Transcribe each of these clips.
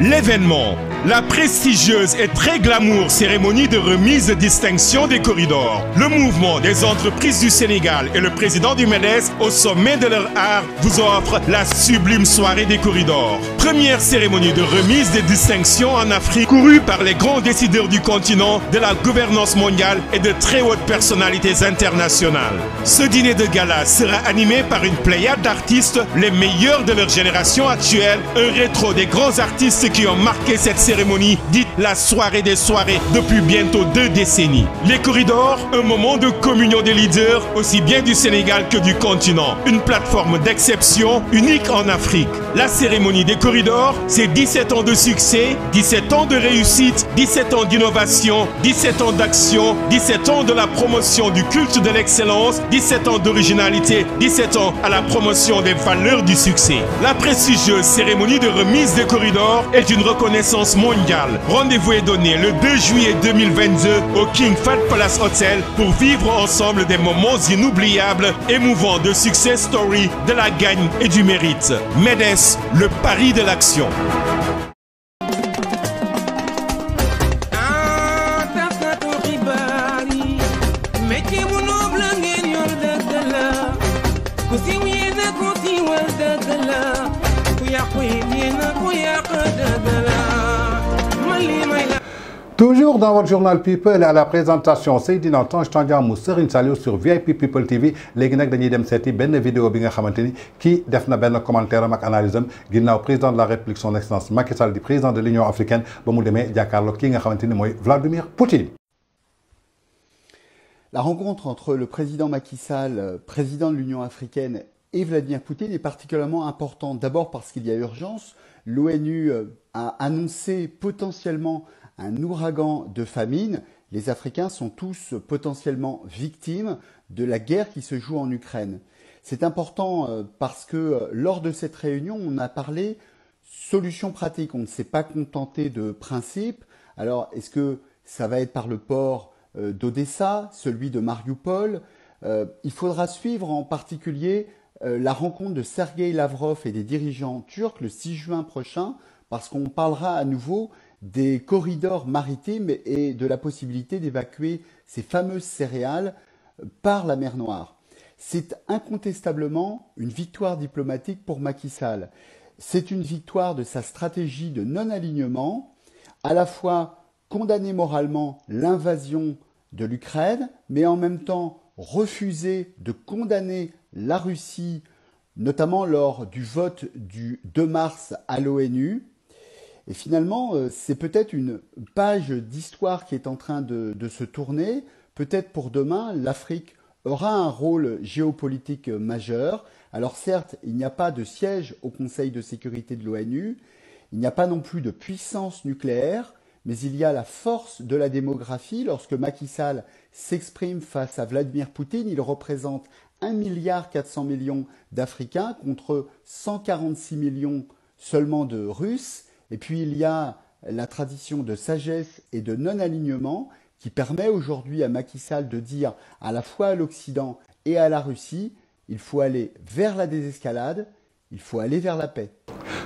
l'événement la prestigieuse et très glamour cérémonie de remise de distinction des corridors, le mouvement des entreprises du Sénégal et le président du MEDES au sommet de leur art vous offrent la sublime soirée des corridors. Première cérémonie de remise des distinctions en Afrique courue par les grands décideurs du continent, de la gouvernance mondiale et de très hautes personnalités internationales. Ce dîner de gala sera animé par une pléiade d'artistes, les meilleurs de leur génération actuelle, un rétro des grands artistes qui ont marqué cette cérémonie cérémonie dite la soirée des soirées depuis bientôt deux décennies. Les corridors, un moment de communion des leaders, aussi bien du Sénégal que du continent. Une plateforme d'exception unique en Afrique. La cérémonie des corridors, c'est 17 ans de succès, 17 ans de réussite, 17 ans d'innovation, 17 ans d'action, 17 ans de la promotion du culte de l'excellence, 17 ans d'originalité, 17 ans à la promotion des valeurs du succès. La prestigieuse cérémonie de remise des corridors est une reconnaissance Rendez-vous est donné le 2 juillet 2022 au King Fat Palace Hotel pour vivre ensemble des moments inoubliables, émouvants de succès story, de la gagne et du mérite. MEDES, le pari de l'action. Toujours dans votre journal People à la présentation c'est Seydina Tange Tandian Une Saliou sur VIP People TV Les nag dañuy dem seeti benn vidéo bi nga xamante ni def na commentaire ak analyse am président de la république son excellence Macky Sall président de l'union africaine ba mu demee jàkkaarloo nga Vladimir Poutine. La rencontre entre le président Macky président de l'Union africaine et Vladimir Poutine est particulièrement important. D'abord parce qu'il y a urgence. L'ONU euh, a annoncé potentiellement un ouragan de famine. Les Africains sont tous potentiellement victimes de la guerre qui se joue en Ukraine. C'est important euh, parce que euh, lors de cette réunion, on a parlé solutions pratiques. On ne s'est pas contenté de principes. Alors, est-ce que ça va être par le port d'Odessa, celui de Mariupol Il faudra suivre en particulier euh, la rencontre de Sergei Lavrov et des dirigeants turcs le 6 juin prochain, parce qu'on parlera à nouveau des corridors maritimes et de la possibilité d'évacuer ces fameuses céréales par la mer Noire. C'est incontestablement une victoire diplomatique pour Macky Sall. C'est une victoire de sa stratégie de non-alignement, à la fois condamner moralement l'invasion de l'Ukraine, mais en même temps refuser de condamner la Russie, notamment lors du vote du 2 mars à l'ONU. Et finalement, euh, c'est peut-être une page d'histoire qui est en train de, de se tourner. Peut-être pour demain, l'Afrique aura un rôle géopolitique majeur. Alors certes, il n'y a pas de siège au Conseil de sécurité de l'ONU, il n'y a pas non plus de puissance nucléaire, mais il y a la force de la démographie. Lorsque Macky Sall s'exprime face à Vladimir Poutine, il représente 1 milliard 400 millions d'Africains contre 146 millions seulement de Russes. Et puis il y a la tradition de sagesse et de non-alignement qui permet aujourd'hui à Macky Sall de dire à la fois à l'Occident et à la Russie, il faut aller vers la désescalade, il faut aller vers la paix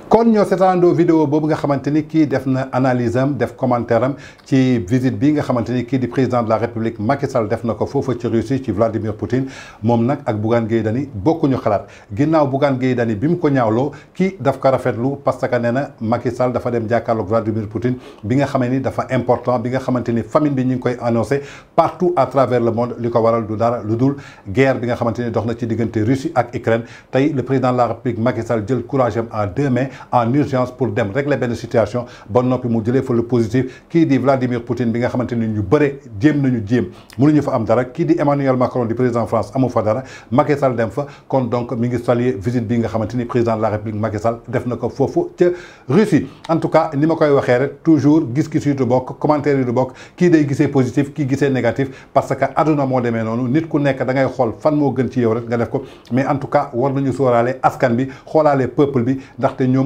kon ñoo sétando vidéo boobu nga xamanteni ki kii def na analyse am def commentaire am ci visite bi nga xamanteni ki di président de la république Macky Sall def na ko ci Russie ci Vladimir Poutine mom nag ak Bougane Gueye bokku ñu xalat ginnaw Bougane Gueye Dani bimu ko ñaawlo ki daf ko rafetlu parce que nee Macky Sall dafa dem jàkkaarloog Vladimir Poutine bi nga xamanteni dafa important bi nga xamanteni famine bi ñing koy annoncé partout à travers le monde liko waral du dara l'udul guerre bi nga xamanteni ni dox na ci diggante Russie ak Ukraine tay le président de la république Macky Sall jël courage am à deux mains en urgence pour dem régler ben situation bon nopi mu jëlee fa le positif qui dit Vladimir Poutine bi nga xamanteni ñu bëre jéem nañu jéem mënuñu fa am dara qui di Emmanuel Macron di président France amu fa dara Macky Sall dem fa kon donc mi ngi saluer visite bi nga xamanteni président de la République Macky Sall def nako fofu ci Russie en tout cas ni ma koy waxé rek toujours gis ki yu du commentaire yu du qui ki day gisee positif qui gisee négatif parce que aduna mo démé nonu nit ku nekk da ngay xol fan mo gën ci yow rek nga def ko mais en tout cas war nañu sóoraale askan bi xolalé peuple bi ndaxte ñoom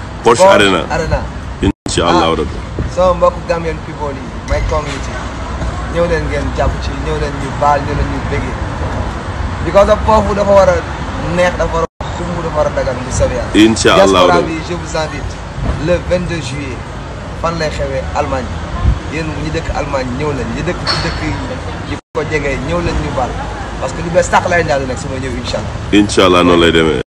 Porsche Arena incha allahu ah. rabbi sama mbokk Gambian people yi may community ñëw leen ngeen jàpp ci ñëw leen ñu baal ñëw leen ñu bëggee because of foofu dafa war a neex dafa war a xumb dafa war a dagal mu sawee incha allahu rabbi je vous invite le 22 juillet lay xewee Allemagne yéen ñi dëkk Allemagne ñëw leen ñi ñëw leen ñu baal parce que lu bees tax lay ñaari nag su ma ñëw incha allah. incha allah noonu lay demee.